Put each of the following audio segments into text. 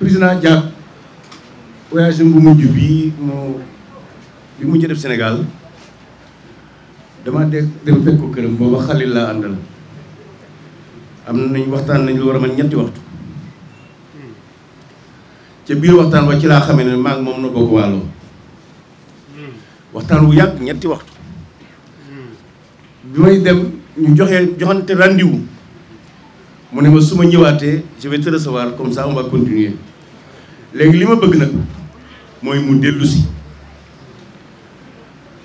président Diack voyage bu mujj bii mu bi mujj def Sénégal dama dégg dem fekk ko këram booba xalil laa àndal am na nañ waxtaan nañ lu war a mën ñetti waxtu ca biir waxtaan ba ci laa xamee ne maa ngi moom na bokk waalo waxtaan wu yàgg ñetti waxtu bi may dem ñu joxee joxante rendez-vous mu ne ma su ma ñëwaatee je vais te recevoir comme ça on va continuer léegi li ma bëgg nag mooy mu dellu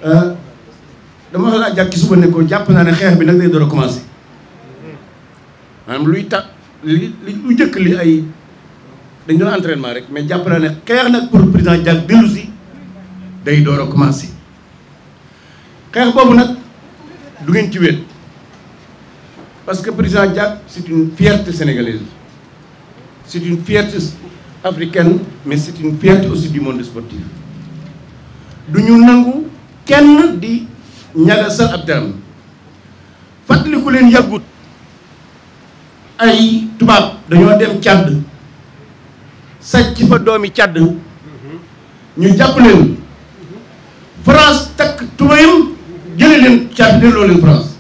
euh, dama wax laa ci suba ne jàpp naa ne xeex bi nag day door a commencé maanaam luy ta li lu njëkk li ay dañ doon entraînement rek mais jàpp naa ne xeex nag pour président Diack dellu si day door a commencé xeex boobu nag du ngeen ci wéet parce que président Diack c'est une fierté sénégalaise c'est une fierté africaine mais c'est une fierté aussi du monde sportif du ñu nangu kenn di ñagasal ab deram fàttaliku leen yàggut ay tubaab dañoo dem càdd sàcc fa doomi càdd ñu jàpp leen France takk tubayam jële leen càdd delloo leen France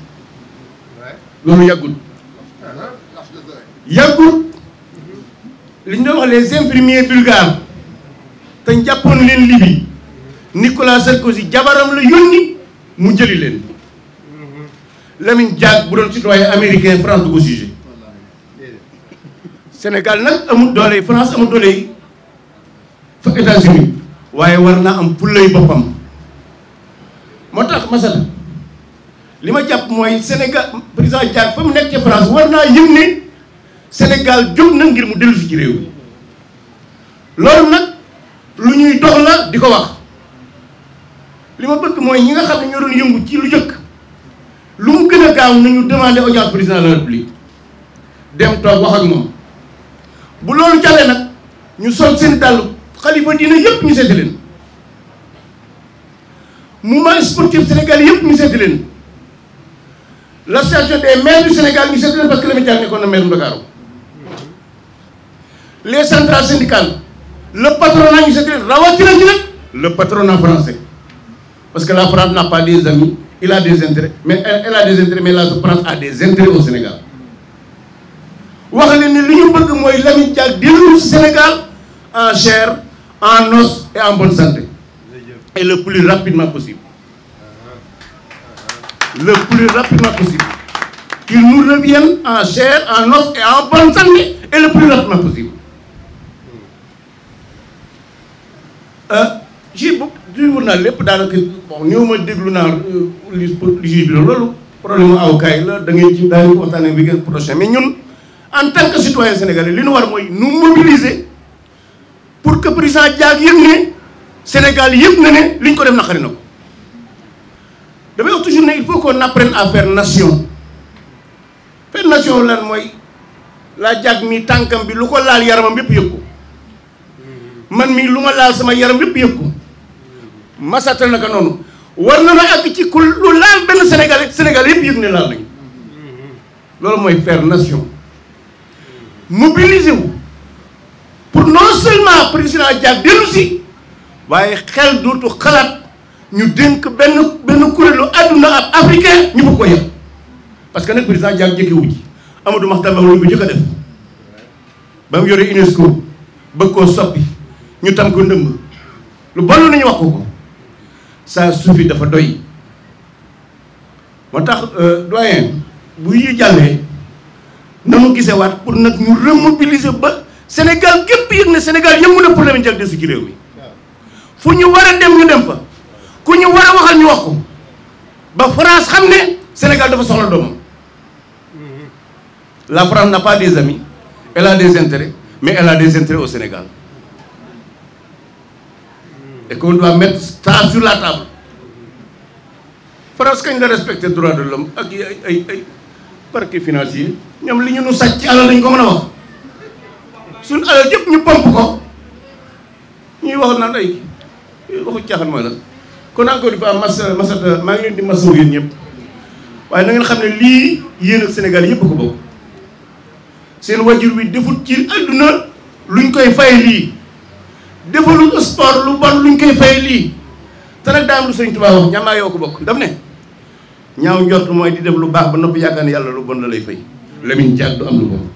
loolu yàggut ah, yàggut li ñu doon wax les infirmiers bulgares te jàppoon leen Libye Nicolas Sarkozy jabaram la yónni mu jëli leen Lamine Diack bu doon citoyen américain France du ko jugé Sénégal nag amul doole France amul doole yi États-Unis waaye war naa am pullay boppam moo tax masala li ma jàpp mooy Sénégal président Diack fa mu nekk France war naa yëg ne Sénégal jóg na ngir mu dellusi ci réew mi loolu nag lu ñuy dox la di ko wax li ma bëgg mooy ñi nga xam ne ñoo doon yëngu ci lu jëkk lu mu gën a gaaw nañu demander audience président de la république dem toog wax ak moom bu loolu jàllee nag ñu sol seen dàll xalifa dina yëpp ñu seeti leen mouvement sportif Sénégal yëpp ñu seeti leen l'association des maires du Sénégal ñu seeti leen parce que nekkoon na maire Ndakaaru les centrales syndicales le patronat ñu seetlu rawatina ñu le patronat français parce que la France n'a pas des amis il a des intérêts mais elle a des intérêts mais la France a des intérêts au Sénégal wax ni li ñu bëgg mooy Lamine Diack dellu Sénégal en chair en os et en bonne santé et le plus rapidement possible qu'il nous revienne en chair en os et en bonne santé et le plus rapidement possible Euh, juge bu tribunal lépp daanaka bon néew ma déglu naa euh, li juge bi la loolu problème mu yi la da ngay ci daañu ko waxtaanee week-end ñun en tant que citoyen sénégalais li nu war mooy nu mobiliser pour que président Diack yëg ne Sénégal yëpp na ne li ñu ko def naqari na ko damay wax toujours ne il faut qu'on apprenne à faire nation faire nation lan mooy laa Diack mi tànkam bi lu ko laal yaramam yëpp yëg lu ma laal sama yaram yëpp yëg ko masata naka noonu war na na àgg ci ku lu laal benn Sénégal Sénégal yëpp yëg ne laal nañ loolu mooy faire nation mobiliser wu pour non seulement président Diack dellu si waaye xel dootu xalaat ñu dénk benn benn kuréelu àdduna ab africain ñu bëgg ko yëpp parce que nag président Diack jëkkewu ji Amadou Mahtar Mbow lu mu njëkk a def ba mu yore UNESCO bëgg koo soppi ñu tam ko ndëmm lu bon lu nañu wax ko saa suufi dafa doy moo tax euh, doyen bu yi jàllee na mu gisee waat pour nag ñu remobiliser ba Sénégal gépp yëg ne Sénégal yëngu na problème njëkk de si ci réew mi fu ñu war a dem ñu dem fa ku ñu war a waxal ñu wax ko ba France xam ne Sénégal dafa soxla doomam la France n'a pas des amis elle a des intérêts mais elle a des intérêts au Sénégal et qu'on doit mettre ça la table France kañ la respecte droit de l'homme ak yi ay ay ay financier ñoom li ñu nu sàcc ci alal lañ ko mën a wax suñ alal yëpp ñu pomp ko ñuy wax naan ay waxu caaxaan mooy la kon encore une fois mas maa ngi leen di masawu yéen ñëpp waaye na ngeen xam ne lii yéen ak Sénégal yëpp ko bokk seen wajur wi defut ci àdduna luñ koy fay lii lu sport lu bon luñ koy fay lii te nag daa am lu sëñ Tuubaa wax ñamaa yoo ko bokk daf ne ñaaw njort mooy di def lu baax ba noppi yaakaar ne yàlla lu bon la lay fay Lamine Diack du am lu bon